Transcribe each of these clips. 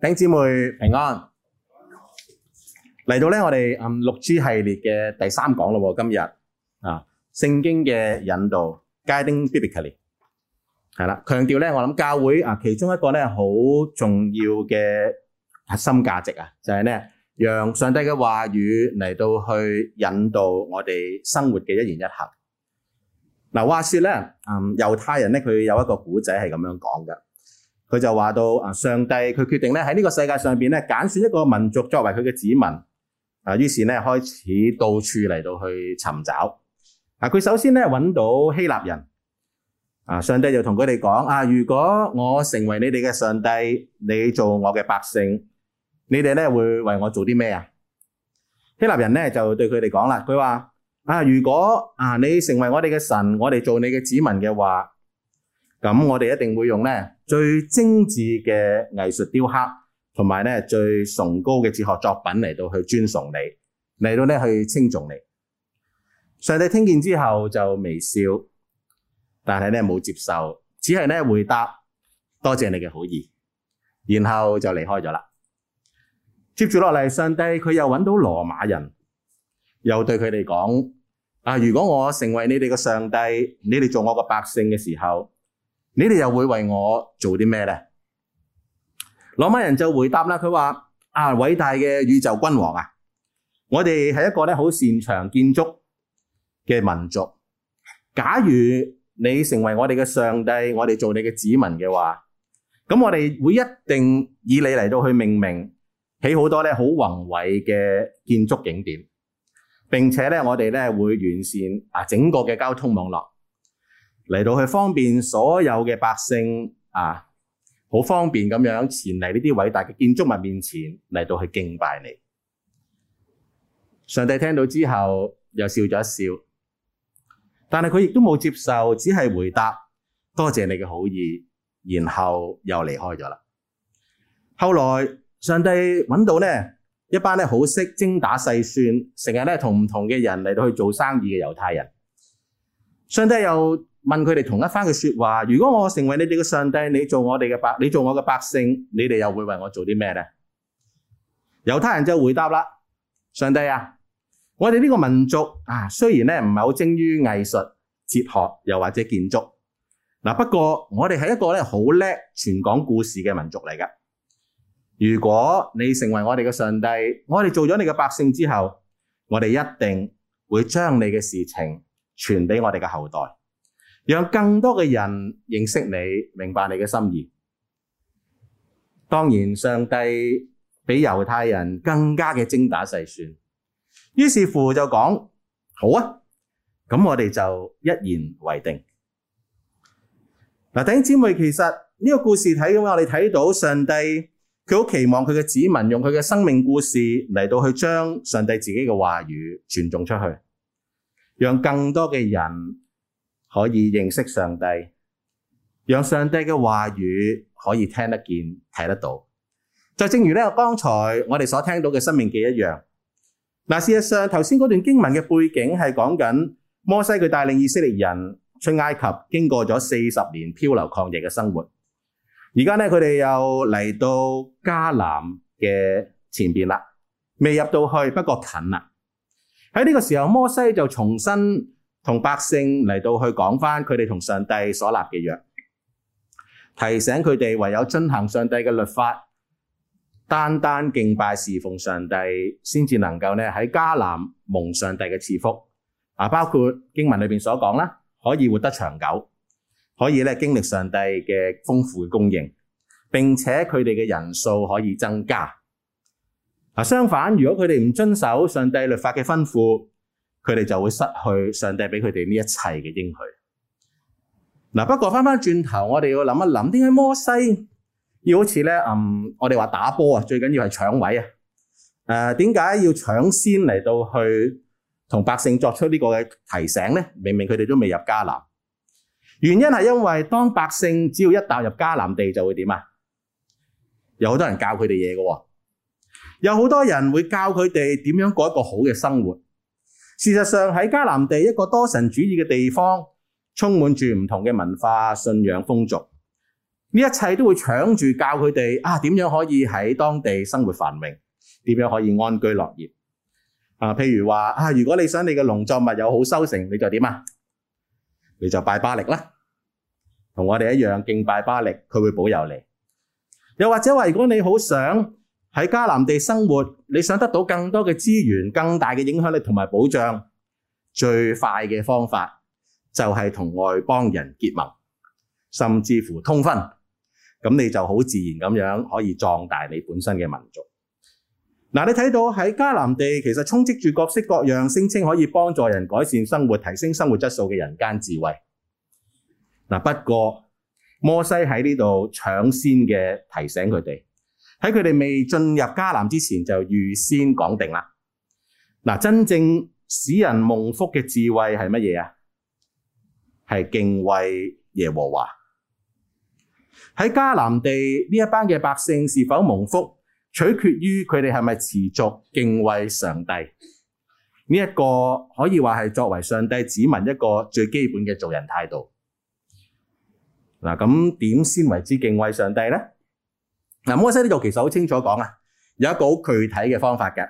弟姊妹平安，嚟到咧、啊，我哋嗯 6G 系列嘅第三講咯。今日啊，聖經嘅引導 （guiding biblically） 係啦，強調咧，我諗教會啊，其中一個咧好重要嘅核心價值啊，就係、是、咧，讓上帝嘅話語嚟到去引導我哋生活嘅一言一行。嗱、啊，話說咧，嗯，猶太人咧，佢有一個古仔係咁樣講嘅。佢就話到啊，上帝佢決定咧喺呢個世界上邊咧揀選一個民族作為佢嘅子民啊，於是咧開始到處嚟到去尋找。嗱，佢首先咧揾到希臘人啊，上帝就同佢哋講啊，如果我成為你哋嘅上帝，你做我嘅百姓，你哋咧會為我做啲咩啊？希臘人咧就對佢哋講啦，佢話啊，如果啊你成為我哋嘅神，我哋做你嘅子民嘅話。咁我哋一定會用咧最精緻嘅藝術雕刻，同埋咧最崇高嘅哲學作品嚟到去尊崇你，嚟到咧去尊重你。上帝聽見之後就微笑，但係咧冇接受，只係咧回答，多謝你嘅好意，然後就離開咗啦。接住落嚟，上帝佢又揾到羅馬人，又對佢哋講：啊，如果我成為你哋嘅上帝，你哋做我嘅百姓嘅時候。你哋又會為我做啲咩咧？羅馬人就回答啦，佢話：啊，偉大嘅宇宙君王啊！我哋係一個咧好擅長建築嘅民族。假如你成為我哋嘅上帝，我哋做你嘅子民嘅話，咁我哋會一定以你嚟到去命名，起好多咧好宏偉嘅建築景點。並且咧，我哋咧會完善啊整個嘅交通網絡。嚟到去方便所有嘅百姓啊，好方便咁樣前嚟呢啲偉大嘅建築物面前，嚟到去敬拜你。上帝聽到之後又笑咗一笑，但係佢亦都冇接受，只係回答，多謝你嘅好意，然後又離開咗啦。後來上帝揾到咧一班咧好識精打細算，成日咧同唔同嘅人嚟到去做生意嘅猶太人。上帝又。問佢哋同一番嘅説話。如果我成為你哋嘅上帝，你做我哋嘅百，你做我嘅百姓，你哋又會為我做啲咩呢？猶太人就回答啦：上帝啊，我哋呢個民族啊，雖然咧唔係好精於藝術、哲學又或者建築，嗱不過我哋係一個咧好叻傳講故事嘅民族嚟㗎。如果你成為我哋嘅上帝，我哋做咗你嘅百姓之後，我哋一定會將你嘅事情傳俾我哋嘅後代。讓更多嘅人認識你，明白你嘅心意。當然，上帝比猶太人更加嘅精打細算。於是乎就講，好啊，咁我哋就一言為定。弟兄姐妹，其實，呢個故事睇嘅話，我哋睇到上帝，佢好期望佢嘅子民用佢嘅生命故事，嚟到去將上帝自己嘅話語傳送出去。讓更多嘅人，可以認識上帝，讓上帝嘅話語可以聽得見、睇得到。就正如呢咧，剛才我哋所聽到嘅申命記一樣。嗱，事實上頭先嗰段經文嘅背景係講緊摩西佢帶領以色列人出埃及，經過咗四十年漂流曠野嘅生活。而家咧佢哋又嚟到迦南嘅前邊啦，未入到去，不過近啦。喺呢個時候，摩西就重新，同百姓嚟到去講翻佢哋同上帝所立嘅約，提醒佢哋唯有遵行上帝嘅律法，單單敬拜侍奉上帝，先至能夠咧喺迦南蒙上帝嘅賜福。啊，包括經文裏邊所講啦，可以活得長久，可以咧經歷上帝嘅豐富嘅供應，並且佢哋嘅人數可以增加。嗱，相反，如果佢哋唔遵守上帝律法嘅吩咐，佢哋就會失去上帝俾佢哋呢一切嘅應許。嗱、啊，不過翻翻轉頭，我哋要諗一諗，點解摩西要好似咧，嗯，我哋話打波啊，最緊要係搶位啊。誒、啊，點解要搶先嚟到去同百姓作出呢個嘅提醒咧？明明佢哋都未入迦南。原因係因為當百姓只要一踏入迦南地，就會點啊？有好多人教佢哋嘢嘅喎，有好多人會教佢哋點樣過一個好嘅生活。事實上喺迦南地一個多神主義嘅地方，充滿住唔同嘅文化、信仰、風俗，呢一切都會搶住教佢哋啊點樣可以喺當地生活繁榮，點樣可以安居樂業啊？譬如話啊，如果你想你嘅農作物有好收成，你就點啊？你就拜巴力啦，同我哋一樣敬拜巴力，佢會保佑你。又或者話，如果你好想，喺迦南地生活，你想得到更多嘅資源、更大嘅影響力同埋保障，最快嘅方法就係同外邦人結盟，甚至乎通婚。咁你就好自然咁樣可以壯大你本身嘅民族。嗱、啊，你睇到喺迦南地，其實充斥住各式各樣聲稱可以幫助人改善生活、提升生活質素嘅人間智慧。嗱、啊，不過摩西喺呢度搶先嘅提醒佢哋。喺佢哋未進入迦南之前就預先講定啦。嗱，真正使人蒙福嘅智慧係乜嘢啊？係敬畏耶和華。喺迦南地呢一班嘅百姓是否蒙福，取決於佢哋係咪持續敬畏上帝。呢、這、一個可以話係作為上帝子民一個最基本嘅做人態度。嗱，咁點先為之敬畏上帝呢？嗱，摩西呢度其實好清楚講啊，有一個好具體嘅方法嘅，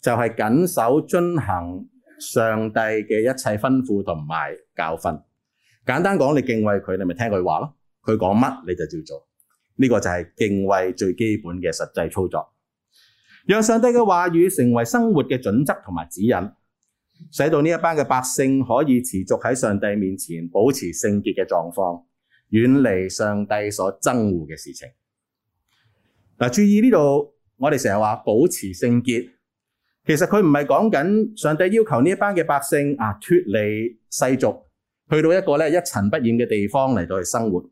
就係謹守遵行上帝嘅一切吩咐同埋教訓。簡單講，你敬畏佢，你咪聽佢話咯。佢講乜你就照做，呢個就係敬畏最基本嘅實際操作，讓上帝嘅話語成為生活嘅準則同埋指引，使到呢一班嘅百姓可以持續喺上帝面前保持聖潔嘅狀況，遠離上帝所憎惡嘅事情。嗱，注意呢度，我哋成日話保持聖潔，其實佢唔係講緊上帝要求呢一班嘅百姓啊，脫離世俗，去到一個咧，一塵不染嘅地方嚟到去生活。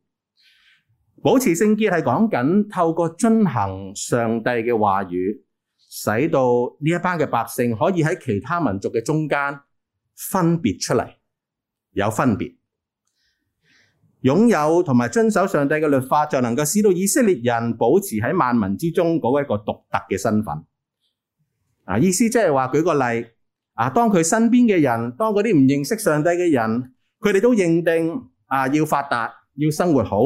保持聖潔係講緊透過遵行上帝嘅話語，使到呢一班嘅百姓可以喺其他民族嘅中間分別出嚟，有分別。擁有同埋遵守上帝嘅律法，就能夠使到以色列人保持喺萬民之中嗰一個獨特嘅身份。啊，意思即係話，舉個例，啊，當佢身邊嘅人，當嗰啲唔認識上帝嘅人，佢哋都認定啊，要發達，要生活好，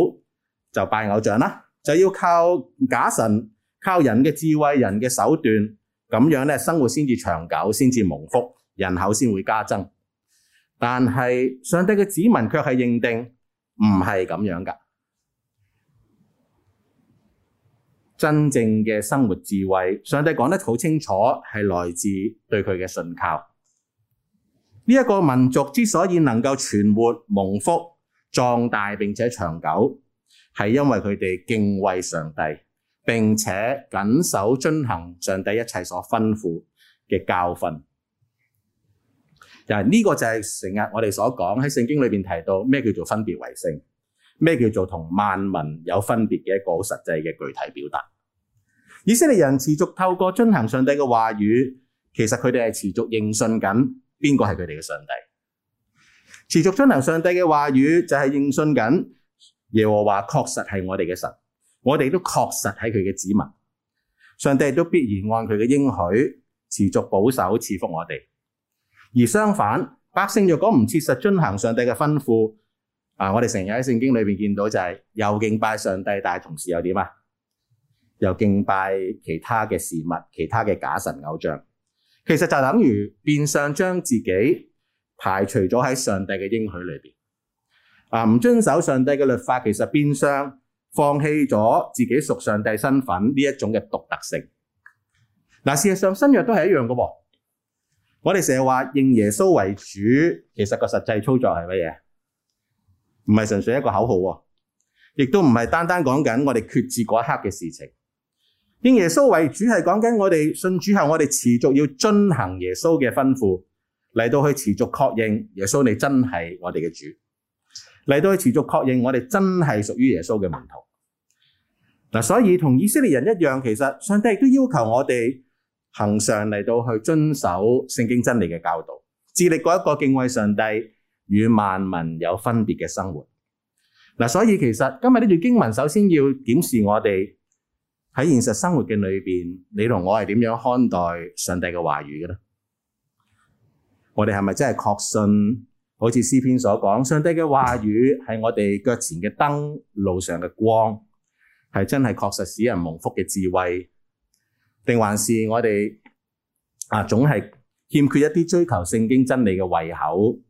就拜偶像啦，就要靠假神，靠人嘅智慧、人嘅手段，咁樣呢，生活先至長久，先至蒙福，人口先會加增。但係上帝嘅子民卻係認定。唔係咁樣噶，真正嘅生活智慧，上帝講得好清楚，係來自對佢嘅信靠。呢一個民族之所以能夠存活、蒙福、壯大並且長久，係因為佢哋敬畏上帝，並且謹守遵行上帝一切所吩咐嘅教訓。就係呢個就係成日我哋所講喺聖經裏邊提到咩叫做分別為聖，咩叫做同萬民有分別嘅一個好實際嘅具體表達。以色列人持續透過遵行上帝嘅話語，其實佢哋係持續認信緊邊個係佢哋嘅上帝。持續遵行上帝嘅話語就係認信緊耶和華確實係我哋嘅神，我哋都確實係佢嘅子民。上帝都必然按佢嘅應許持續保守賜福我哋。而相反，百姓若果唔切實遵行上帝嘅吩咐，啊，我哋成日喺聖經裏邊見到就係又敬拜上帝，但係同時又點啊？又敬拜其他嘅事物、其他嘅假神偶像，其實就等於變相將自己排除咗喺上帝嘅應許裏邊。啊，唔遵守上帝嘅律法，其實變相放棄咗自己屬上帝身份呢一種嘅獨特性。嗱、啊，事實上新約都係一樣嘅喎、啊。我哋成日話認耶穌為主，其實個實際操作係乜嘢？唔係純粹一個口號，亦都唔係單單講緊我哋決志嗰一刻嘅事情。認耶穌為主係講緊我哋信主後，我哋持續要遵行耶穌嘅吩咐，嚟到去持續確認耶穌你真係我哋嘅主，嚟到去持續確認我哋真係屬於耶穌嘅門徒。嗱，所以同以色列人一樣，其實上帝亦都要求我哋。恒常嚟到去遵守聖經真理嘅教導，致力過一個敬畏上帝與萬民有分別嘅生活。嗱、啊，所以其實今日呢段經文，首先要檢視我哋喺現實生活嘅裏邊，你同我係點樣看待上帝嘅話語嘅咧？我哋係咪真係確信？好似詩篇所講，上帝嘅話語係我哋腳前嘅燈，路上嘅光，係真係確實使人蒙福嘅智慧。定還是我哋啊，總係欠缺一啲追求聖經真理嘅胃口。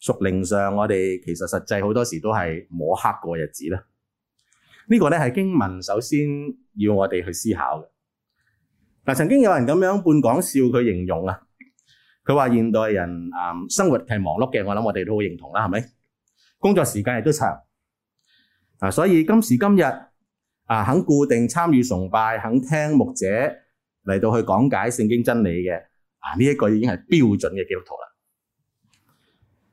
屬靈上，我哋其實實際好多時都係摸黑過日子啦。呢個咧係經文，首先要我哋去思考嘅。嗱，曾經有人咁樣半講笑佢形容啊，佢話現代人啊，生活係忙碌嘅，我諗我哋都好認同啦，係咪？工作時間亦都長啊，所以今時今日啊，肯固定參與崇拜、肯聽牧者。嚟到去講解聖經真理嘅啊，呢一個已經係標準嘅基督徒啦。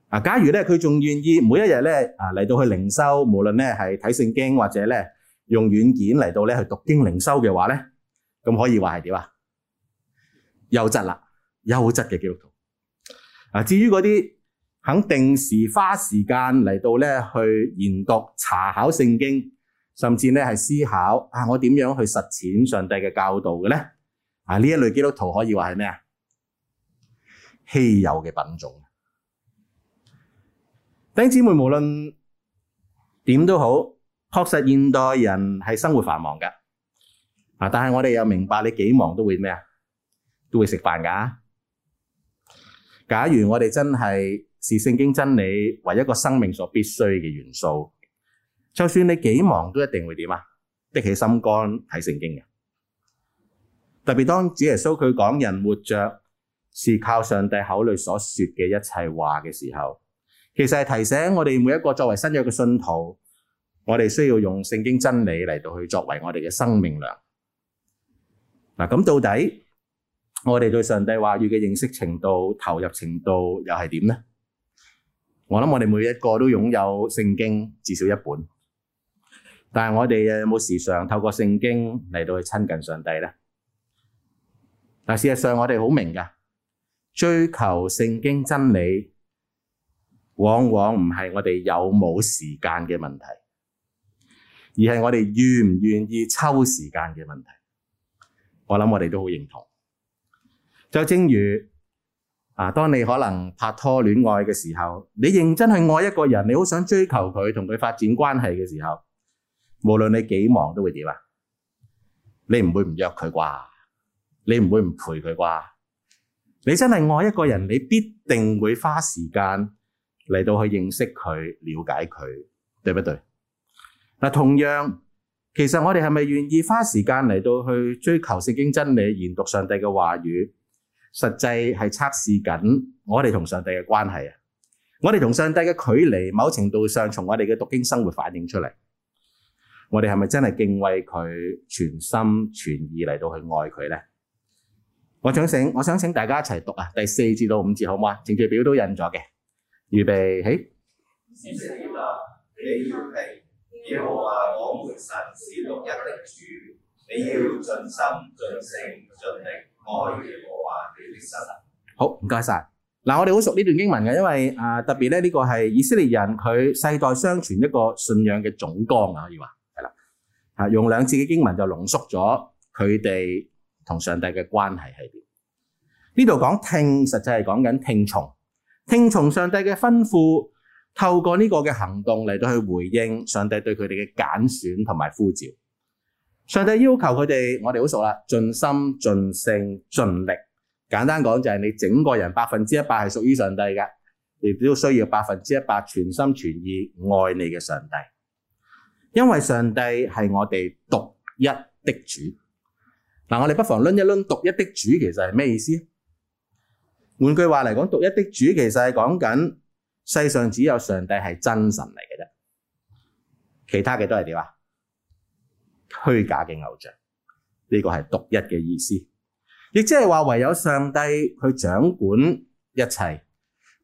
啊，假如咧佢仲願意每一日咧啊，嚟到去靈修，無論咧係睇聖經或者咧用軟件嚟到咧去讀經靈修嘅話咧，咁可以話係點啊？優質啦，優質嘅基督徒。啊，至於嗰啲肯定時花時間嚟到咧去研讀查考聖經，甚至咧係思考啊，我點樣去實踐上帝嘅教導嘅咧？啊！呢一類基督徒可以話係咩啊？稀有嘅品種。弟兄姊妹，無論點都好，確實現代人係生活繁忙㗎。啊！但係我哋又明白，你幾忙都會咩啊？都會食飯噶。假如我哋真係視聖經真理為一個生命所必須嘅元素，就算你幾忙都一定會點啊？的起心肝睇聖經嘅。特別當主耶穌佢講人活着是靠上帝口裏所說嘅一切話嘅時候，其實係提醒我哋每一個作為新約嘅信徒，我哋需要用聖經真理嚟到去作為我哋嘅生命糧。嗱，咁到底我哋對上帝話語嘅認識程度、投入程度又係點呢？我諗我哋每一個都擁有聖經至少一本，但係我哋有冇時常透過聖經嚟到去親近上帝呢？但事實上，我哋好明噶，追求聖經真理，往往唔係我哋有冇時間嘅問題，而係我哋願唔願意抽時間嘅問題。我諗我哋都好認同。就正如啊，當你可能拍拖戀愛嘅時候，你認真去愛一個人，你好想追求佢，同佢發展關係嘅時候，無論你幾忙都會點啊？你唔會唔約佢啩？你唔會唔陪佢啩？你真係愛一個人，你必定會花時間嚟到去認識佢、了解佢，對不對？嗱，同樣，其實我哋係咪願意花時間嚟到去追求聖經真理、研讀上帝嘅話語？實際係測試緊我哋同上帝嘅關係啊！我哋同上帝嘅距離，某程度上從我哋嘅讀經生活反映出嚟。我哋係咪真係敬畏佢、全心全意嚟到去愛佢咧？我想請我想請大家一齊讀啊，第四至到五字好唔好？程序表都印咗嘅，預備起。以色列啊，你要提耶和華，我們神是獨一的主，你要盡心、盡性、盡力愛耶和華。好，唔該晒。嗱、啊，我哋好熟呢段經文嘅，因為啊、呃、特別咧呢、這個係以色列人佢世代相傳一個信仰嘅總綱啊，可以話係啦。啊，用兩字嘅經文就濃縮咗佢哋。同上帝嘅關係係點？呢度講聽，實際係講緊聽從，聽從上帝嘅吩咐，透過呢個嘅行動嚟到去回應上帝對佢哋嘅揀選同埋呼召。上帝要求佢哋，我哋好熟啦，盡心、盡性、盡力。簡單講就係你整個人百分之一百係屬於上帝嘅，亦都需要百分之一百全心全意愛你嘅上帝，因為上帝係我哋獨一的主。嗱、嗯，我哋不妨論一論，獨一的主，其實係咩意思？換句話嚟講，獨一的主，其實係講緊世上只有上帝係真神嚟嘅啫，其他嘅都係點啊？虛假嘅偶像，呢個係獨一嘅意思，亦即係話唯有上帝去掌管一切，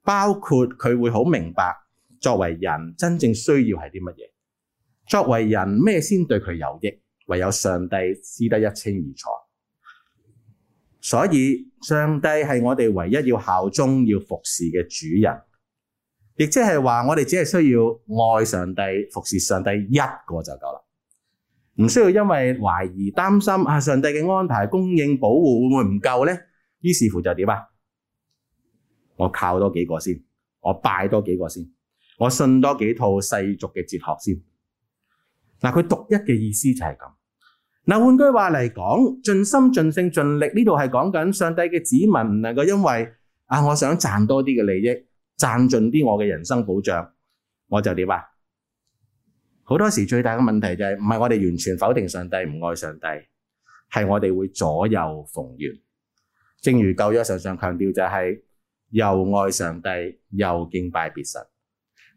包括佢會好明白作為人真正需要係啲乜嘢，作為人咩先對佢有益。唯有上帝知得一清二楚，所以上帝係我哋唯一要效忠、要服侍嘅主人，亦即係話我哋只係需要愛上帝、服侍上帝一個就夠啦，唔需要因為懷疑、擔心啊上帝嘅安排、供應、保護會唔會唔夠呢？於是乎就點啊？我靠多幾個先，我拜多幾個先，我信多幾套世俗嘅哲學先。嗱，佢獨一嘅意思就係咁。嗱，換句話嚟講，盡心、盡性、盡力呢度係講緊上帝嘅子民唔能夠因為啊，我想賺多啲嘅利益，賺盡啲我嘅人生保障，我就點啊？好多時最大嘅問題就係唔係我哋完全否定上帝唔愛上帝，係我哋會左右逢源。正如舊約常常強調就係、是、又愛上帝又敬拜別神，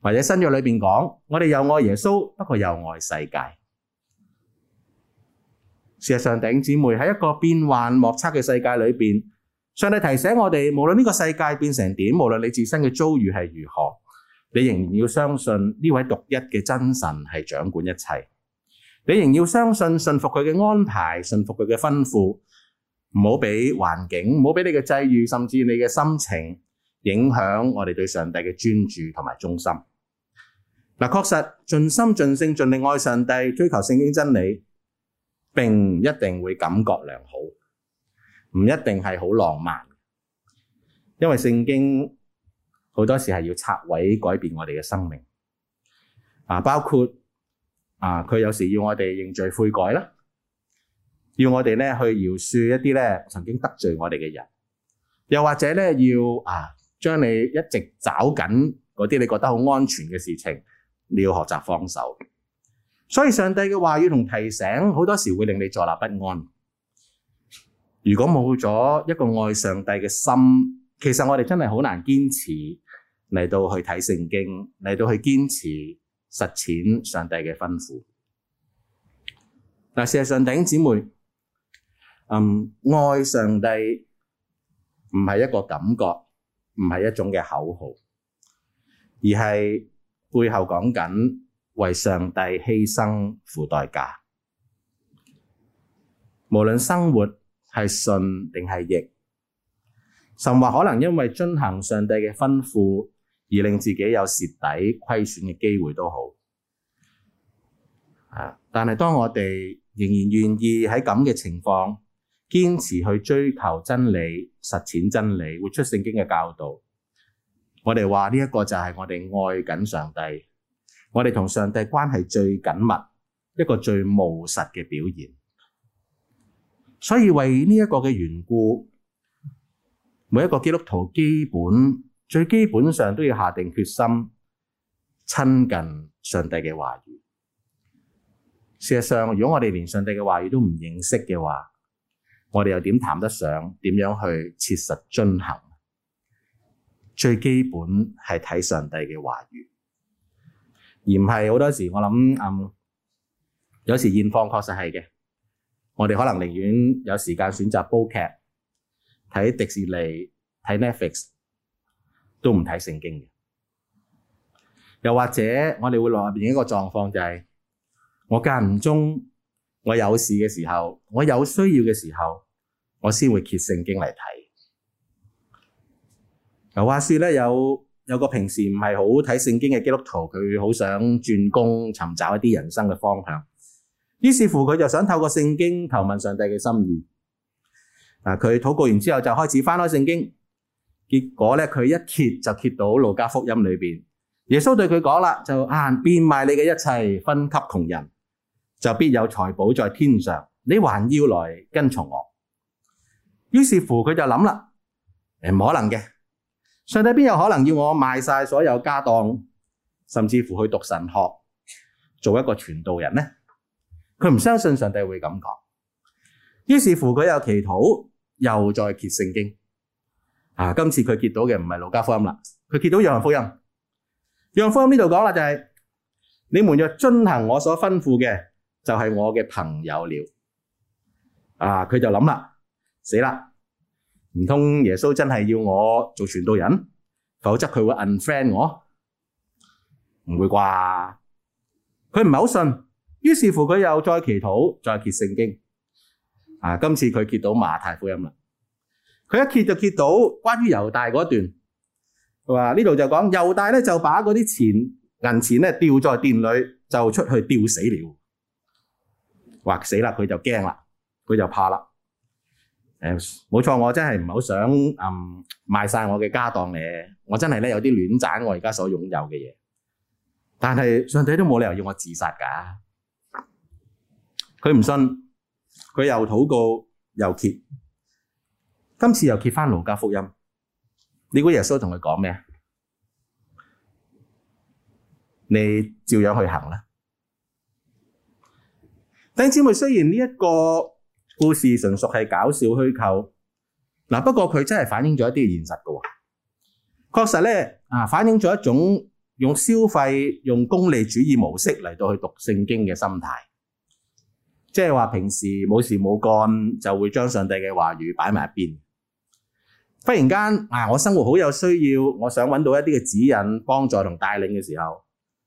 或者新約裏邊講我哋又愛耶穌，不過又愛世界。事實上，弟兄姊妹喺一個變幻莫測嘅世界裏邊，上帝提醒我哋，無論呢個世界變成點，無論你自身嘅遭遇係如何，你仍然要相信呢位獨一嘅真神係掌管一切。你仍要相信，信服佢嘅安排，信服佢嘅吩咐，唔好俾環境，唔好俾你嘅際遇，甚至你嘅心情影響我哋對上帝嘅專注同埋忠心。嗱，確實盡心盡性盡力愛上帝，追求，求聖經真理。並唔一定會感覺良好，唔一定係好浪漫，因為聖經好多時係要拆毀、改變我哋嘅生命。啊，包括啊，佢有時要我哋認罪悔改啦，要我哋咧去饒恕一啲咧曾經得罪我哋嘅人，又或者咧要啊，將你一直找緊嗰啲你覺得好安全嘅事情，你要學習放手。所以上帝嘅話語同提醒，好多時會令你坐立不安。如果冇咗一個愛上帝嘅心，其實我哋真係好難堅持嚟到去睇聖經，嚟到去堅持實踐上帝嘅吩咐。嗱，事實上，弟兄姊妹，嗯，愛上帝唔係一個感覺，唔係一種嘅口號，而係背後講緊。為上帝犧牲付代價，無論生活係順定係逆，甚或可能因為遵行上帝嘅吩咐而令自己有蝕底虧損嘅機會都好啊！但係當我哋仍然願意喺咁嘅情況堅持去追求真理、實踐真理、活出聖經嘅教導，我哋話呢一個就係我哋愛緊上帝。我哋同上帝關係最緊密，一個最務實嘅表現。所以為呢一個嘅緣故，每一個基督徒基本、最基本上都要下定決心，親近上帝嘅話語。事實上，如果我哋連上帝嘅話語都唔認識嘅話，我哋又點談得上點樣去切實遵行？最基本係睇上帝嘅話語。而唔係好多時，我諗，嗯，有時現況確實係嘅。我哋可能寧願有時間選擇煲劇、睇迪士尼、睇 Netflix，都唔睇聖經嘅。又或者我哋會落入面一個狀況，就係，就係我間唔中，我有事嘅時候，我有需要嘅時候，我先會揭聖經嚟睇。又話説咧，有有個平時唔係好睇聖經嘅基督徒，佢好想轉工，尋找一啲人生嘅方向。於是乎，佢就想透過聖經求問上帝嘅心意。嗱、啊，佢禱告完之後就開始翻開聖經，結果咧佢一揭就揭到路加福音裏邊，耶穌對佢講啦：就啊，變賣你嘅一切，分給窮人，就必有財寶在天上。你還要來跟從我。於是乎，佢就諗啦，誒，唔可能嘅。上帝邊有可能要我賣晒所有家當，甚至乎去讀神學，做一個傳道人呢？佢唔相信上帝會咁講，於是乎佢又祈禱，又再揭聖經。啊，今次佢揭到嘅唔係路加福音啦，佢揭到約翰福音。約翰福音呢度講啦，就係你們若遵行我所吩咐嘅，就係我嘅朋友了。啊，佢就諗啦，死啦！唔通耶穌真係要我做傳道人，否則佢會 unfriend 我，唔會啩？佢唔係好信，於是乎佢又再祈禱，再揭聖經。啊，今次佢揭到馬太福音啦。佢一揭就揭到關於猶大嗰段。佢話呢度就講猶大咧，就把嗰啲錢銀錢咧掉在殿裏，就出去吊死了。話死啦，佢就驚啦，佢就怕啦。冇錯，我真係唔係好想，嗯，賣晒我嘅家當咧。我真係咧有啲戀棧我而家所擁有嘅嘢。但係上帝都冇理由要我自殺噶。佢唔信，佢又禱告又揭，今次又揭翻《路加福音》。你估耶穌同佢講咩？你照樣去行啦。弟兄姊妹，雖然呢、這、一個。故事純屬係搞笑虛構，嗱，不過佢真係反映咗一啲現實㗎喎。確實咧，啊，反映咗一種用消費、用功利主義模式嚟到去讀聖經嘅心態，即係話平時冇事冇幹就會將上帝嘅話語擺埋一邊，忽然間啊，我生活好有需要，我想揾到一啲嘅指引、幫助同帶領嘅時候，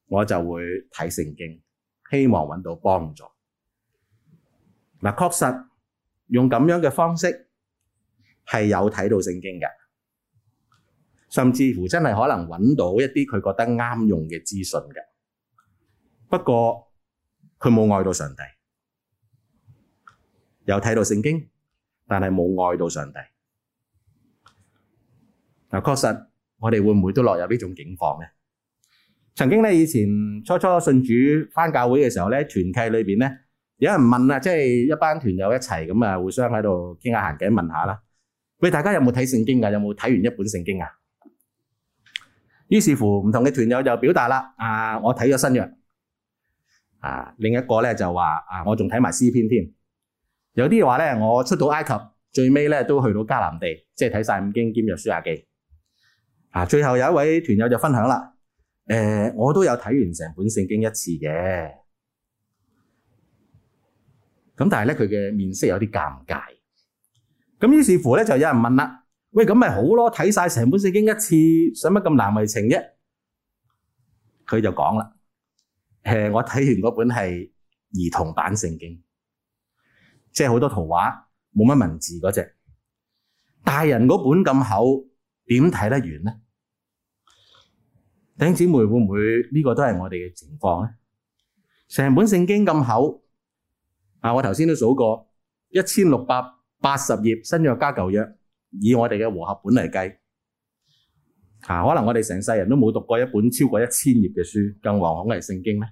我就會睇聖經，希望揾到幫助。嗱，啊，確實。用咁樣嘅方式，係有睇到聖經嘅，甚至乎真係可能揾到一啲佢覺得啱用嘅資訊嘅。不過佢冇愛到上帝，有睇到聖經，但係冇愛到上帝。嗱，確實我哋會唔會都落入呢種境況咧？曾經咧，以前初初信主翻教會嘅時候咧，團契裏面咧。有人問啊，即係一班團友一齊咁啊，互相喺度傾下閒偈，問下啦。喂，大家有冇睇聖經㗎？有冇睇完一本聖經啊？於是乎唔同嘅團友就表達啦。啊，我睇咗新約。啊，另一個咧就話啊，我仲睇埋詩篇添。有啲話咧，我出到埃及，最尾咧都去到迦南地，即係睇晒五經兼約書亞記。啊，最後有一位團友就分享啦。誒、啊，我都有睇完成本聖經一次嘅。咁但係咧，佢嘅面色有啲尷尬。咁於是乎咧，就有人問啦：喂，咁咪好咯？睇晒成本聖經一次，使乜咁難為情啫？佢就講啦：誒、呃，我睇完嗰本係兒童版聖經，即係好多圖畫，冇乜文字嗰隻。大人嗰本咁厚，點睇得完咧？弟兄姊妹會唔會呢個都係我哋嘅情況咧？成本聖經咁厚。啊！我頭先都數過一千六百八十頁新約加舊約，以我哋嘅和合本嚟計，啊，可能我哋成世人都冇讀過一本超過一千頁嘅書，更遑講係聖經咧。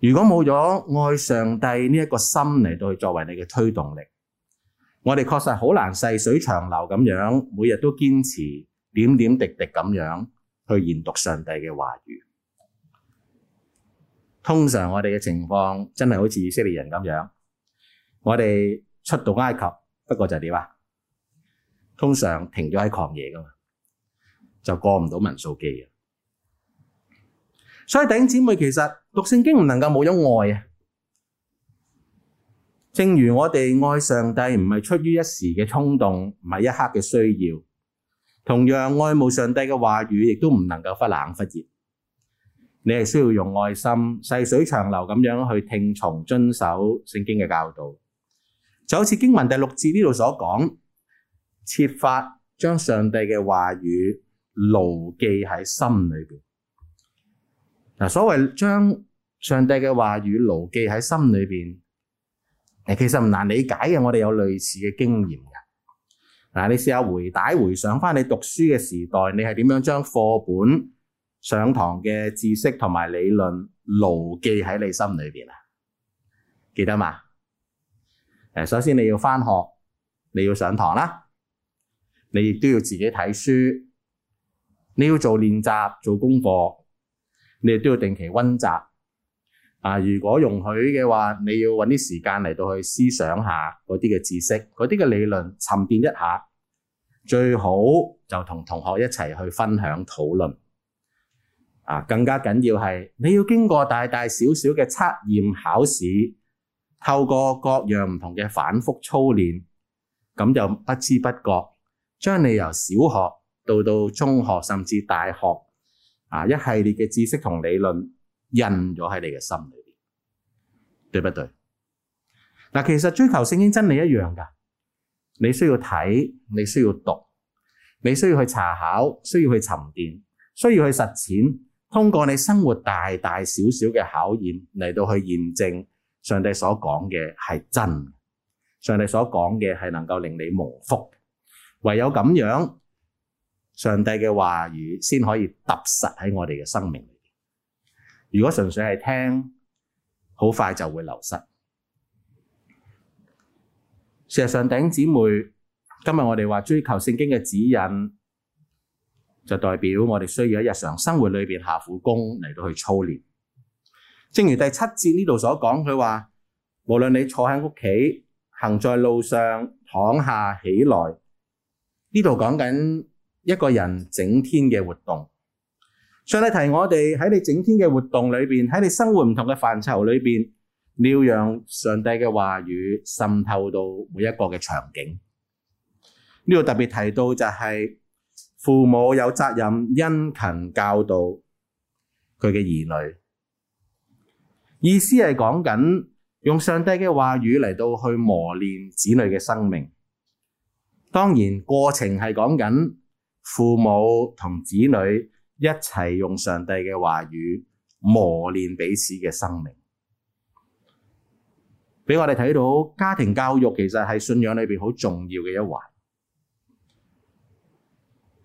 如果冇咗愛上帝呢一個心嚟到去作為你嘅推動力，我哋確實好難細水長流咁樣，每日都堅持點點滴滴咁樣去研讀上帝嘅話語。通常我哋嘅情況真係好似以色列人咁樣，我哋出到埃及，不過就點啊？通常停咗喺曠野噶嘛，就過唔到民數記啊。所以弟兄姊妹，其實讀聖經唔能夠冇咗愛啊。正如我哋愛上帝唔係出於一時嘅衝動，唔係一刻嘅需要，同樣愛慕上帝嘅話語亦都唔能夠忽冷忽熱。你係需要用愛心細水長流咁樣去聽從遵守聖經嘅教導，就好似經文第六節呢度所講，設法將上帝嘅話語牢記喺心裡邊。嗱，所謂將上帝嘅話語牢記喺心裡邊，其實唔難理解嘅。我哋有類似嘅經驗嘅。嗱，你試下回帶回想翻你讀書嘅時代，你係點樣將課本上堂嘅知識同埋理論牢記喺你心裏邊啊，記得嘛？誒，首先你要翻學，你要上堂啦，你亦都要自己睇書，你要做練習、做功課，你亦都要定期温習啊。如果容許嘅話，你要搵啲時間嚟到去思想下嗰啲嘅知識，嗰啲嘅理論沉澱一下，最好就同同學一齊去分享討論，討論。啊，更加緊要係你要經過大大小小嘅測驗考試，透過各樣唔同嘅反覆操練，咁就不知不覺將你由小學到到中學甚至大學啊，一系列嘅知識同理論印咗喺你嘅心裏邊，對不對？嗱，其實追求聖經真理一樣㗎，你需要睇，你需要讀，你需要去查考，需要去沉澱，需要去實踐。通過你生活大大小小嘅考驗，嚟到去驗證上帝所講嘅係真，上帝所講嘅係能夠令你蒙福。唯有咁樣，上帝嘅話語先可以踏實喺我哋嘅生命裏邊。如果純粹係聽，好快就會流失。事實上，弟兄姊妹，今日我哋話追求聖經嘅指引，就代表我哋需要喺日常生活裏邊下苦功嚟到去操練。正如第七節呢度所講，佢話無論你坐喺屋企、行在路上、躺下起來，呢度講緊一個人整天嘅活動。上帝提我哋喺你整天嘅活動裏邊，喺你生活唔同嘅範疇裏邊，你要讓上帝嘅話語滲透到每一個嘅場景。呢度特別提到就係、是。父母有責任殷勤教導佢嘅兒女，意思係講緊用上帝嘅話語嚟到去磨練子女嘅生命。當然，過程係講緊父母同子女一齊用上帝嘅話語磨練彼此嘅生命。俾我哋睇到家庭教育其實係信仰裏邊好重要嘅一環。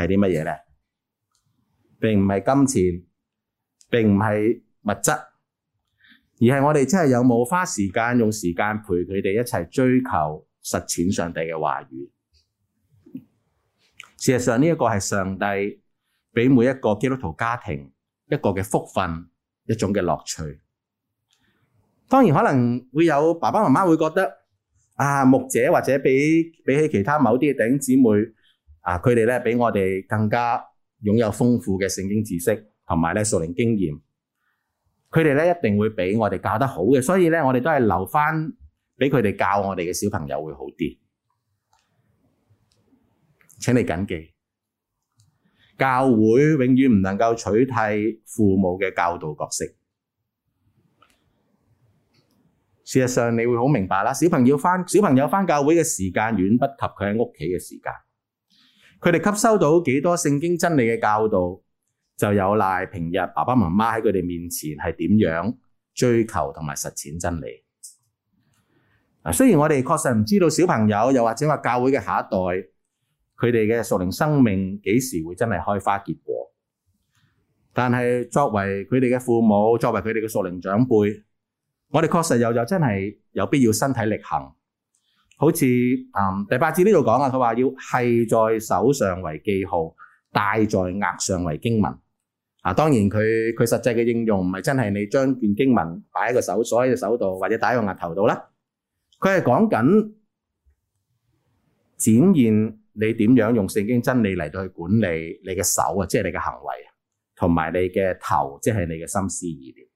係啲乜嘢咧？並唔係金錢，並唔係物質，而係我哋真係有冇花時間用時間陪佢哋一齊追求實踐上帝嘅話語。事實上呢一個係上帝俾每一個基督徒家庭一個嘅福分，一種嘅樂趣。當然可能會有爸爸媽媽會覺得啊，牧者或者比比起其他某啲弟兄姊妹。啊！佢哋咧比我哋更加擁有豐富嘅聖經知識，同埋咧數年經驗。佢哋咧一定會比我哋教得好嘅，所以咧我哋都係留翻俾佢哋教我哋嘅小朋友會好啲。請你緊記，教會永遠唔能夠取替父母嘅教導角色。事實上，你會好明白啦。小朋友翻小朋友翻教會嘅時，時間，遠不及佢喺屋企嘅時間。佢哋吸收到幾多聖經真理嘅教導，就有賴平日爸爸媽媽喺佢哋面前係點樣追求同埋實踐真理。啊，雖然我哋確實唔知道小朋友又或者話教會嘅下一代，佢哋嘅屬靈生命幾時會真係開花結果，但係作為佢哋嘅父母，作為佢哋嘅屬靈長輩，我哋確實又又真係有必要身體力行。好似嗯，第八節呢度講啊，佢話要係在手上為記號，戴在額上為經文。啊，當然佢佢實際嘅應用唔係真係你將件經文擺喺個手，鎖喺個手度，或者擺喺個額頭度啦。佢係講緊展現你點樣用聖經真理嚟到去管理你嘅手啊，即係你嘅行為同埋你嘅頭，即係你嘅心思意念。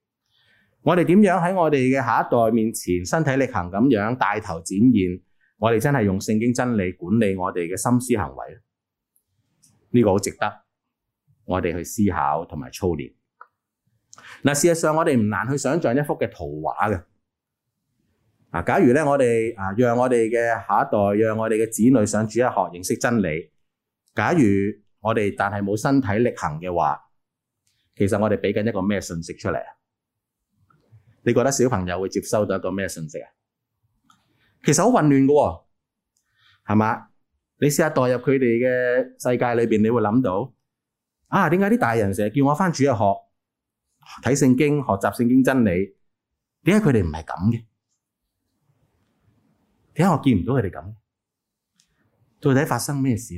我哋點樣喺我哋嘅下一代面前身體力行咁樣帶頭展現？我哋真係用聖經真理管理我哋嘅心思行為呢、呢個好值得我哋去思考同埋操練。嗱，事實上我哋唔難去想象一幅嘅圖畫嘅。啊，假如咧我哋啊，讓我哋嘅下一代，讓我哋嘅子女想主一學認識真理。假如我哋但係冇身體力行嘅話，其實我哋俾緊一個咩信息出嚟啊？你覺得小朋友會接收到一個咩信息啊？其實好混亂嘅喎，係嘛？你試下代入佢哋嘅世界裏邊，你會諗到，啊，點解啲大人成日叫我返主日學睇聖經、學習聖經真理？點解佢哋唔係咁嘅？點解我見唔到佢哋咁？到底發生咩事？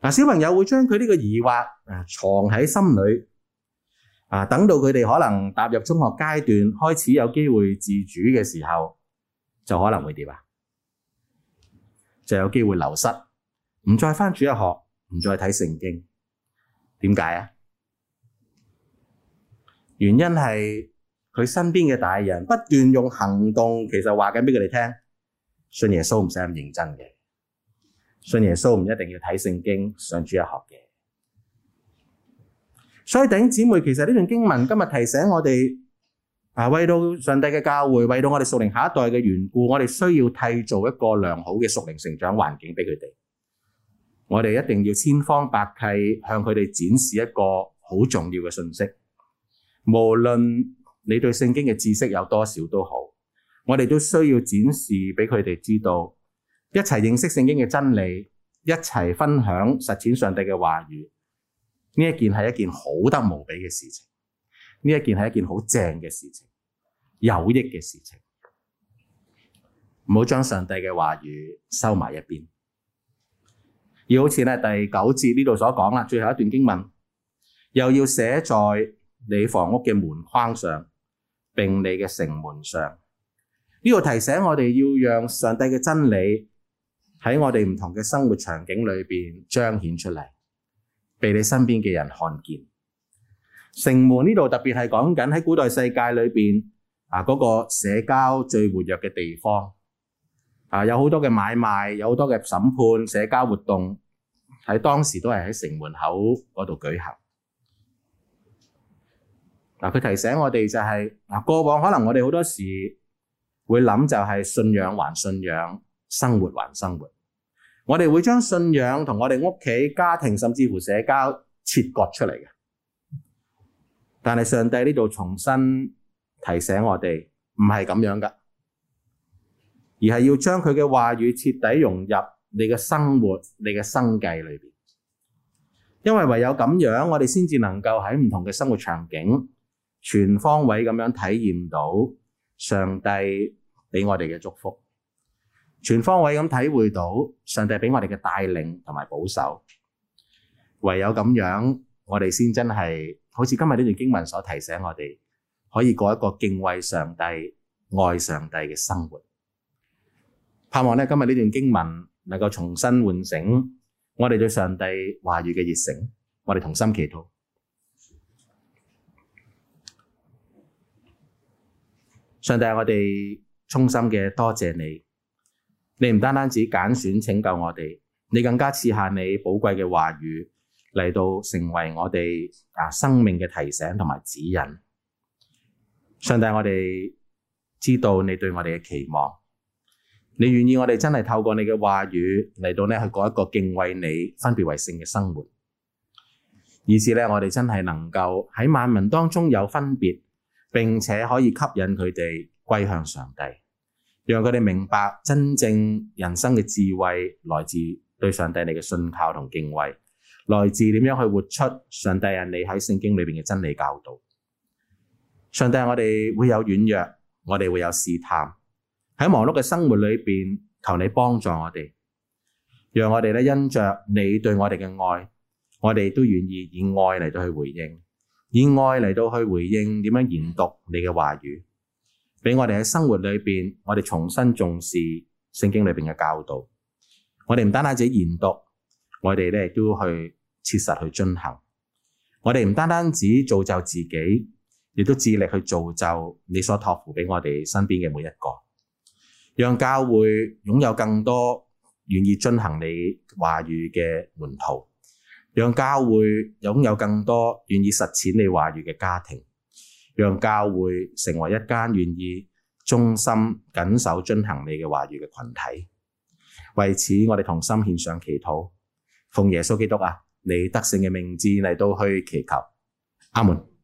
嗱，啊，小朋友會將佢呢個疑惑啊藏喺心裏，啊，等到佢哋可能踏入中學階段，開始有機會自主嘅時候。就可能會點啊？就有機會流失，唔再返主日學，唔再睇聖經。點解啊？原因係佢身邊嘅大人不斷用行動，其實話緊俾佢哋聽，信耶穌唔使咁認真嘅，信耶穌唔一定要睇聖經、上主日學嘅。所以弟兄姊妹，其實呢段經文今日提醒我哋。啊！為到上帝嘅教會，為到我哋屬靈下一代嘅緣故，我哋需要締造一個良好嘅屬靈成長環境俾佢哋。我哋一定要千方百計向佢哋展示一個好重要嘅信息。無論你對聖經嘅知識有多少都好，我哋都需要展示俾佢哋知道，一齊認識聖經嘅真理，一齊分享實踐上帝嘅話語。呢一件係一件好得無比嘅事情，呢一件係一件好正嘅事情。有益嘅事情，唔好將上帝嘅話語收埋一邊，要好似咧第九節呢度所講啦，最後一段經文，又要寫在你房屋嘅門框上，並你嘅城門上。呢度提醒我哋要讓上帝嘅真理喺我哋唔同嘅生活場景裏邊彰顯出嚟，被你身邊嘅人看見。城門呢度特別係講緊喺古代世界裏邊。啊！嗰個社交最活躍嘅地方啊，有好多嘅買賣，有好多嘅審判、社交活動喺當時都係喺城門口嗰度舉行。嗱，佢提醒我哋就係嗱，過往可能我哋好多時會諗就係信仰還信仰，生活還生活。我哋會將信仰同我哋屋企、家庭甚至乎社交切割出嚟嘅。但係上帝呢度重新提醒我哋唔係咁樣㗎，而係要將佢嘅話語徹底融入你嘅生活、你嘅生計裏邊。因為唯有咁樣，我哋先至能夠喺唔同嘅生活場景全方位咁樣體驗到上帝俾我哋嘅祝福，全方位咁體會到上帝俾我哋嘅帶領同埋保守。唯有咁樣我，我哋先真係好似今日呢段經文所提醒我哋。可以過一個敬畏上帝、愛上帝嘅生活。盼望咧，今日呢段經文能夠重新喚醒我哋對上帝話語嘅熱誠。我哋同心祈禱，上帝，我哋衷心嘅多謝你。你唔單單只揀選拯救我哋，你更加賜下你寶貴嘅話語嚟到成為我哋啊生命嘅提醒同埋指引。上帝，我哋知道你對我哋嘅期望，你願意我哋真係透過你嘅話語嚟到呢去過一個敬畏你、分別為聖嘅生活，以致咧我哋真係能夠喺萬民當中有分別，並且可以吸引佢哋歸向上帝，讓佢哋明白真正人生嘅智慧來自對上帝你嘅信靠同敬畏，來自點樣去活出上帝人你喺聖經裏邊嘅真理教導。上帝，我哋會有軟弱，我哋會有試探，喺忙碌嘅生活裏邊，求你幫助我哋，讓我哋咧因着你對我哋嘅愛，我哋都願意以愛嚟到去回應，以愛嚟到去回應點樣研讀你嘅話語，俾我哋喺生活裏邊，我哋重新重視聖經裏邊嘅教導，我哋唔單單止研讀，我哋咧都去切實去遵行，我哋唔單單止造就自己。亦都致力去造就你所託付俾我哋身邊嘅每一個，讓教會擁有更多願意遵行你話語嘅門徒，讓教會擁有更多願意實踐你話語嘅家庭，讓教會成為一間願意忠心謹守遵行你嘅話語嘅群體。為此，我哋同心獻上祈禱，奉耶穌基督啊，你得勝嘅名字嚟到去祈求，阿門。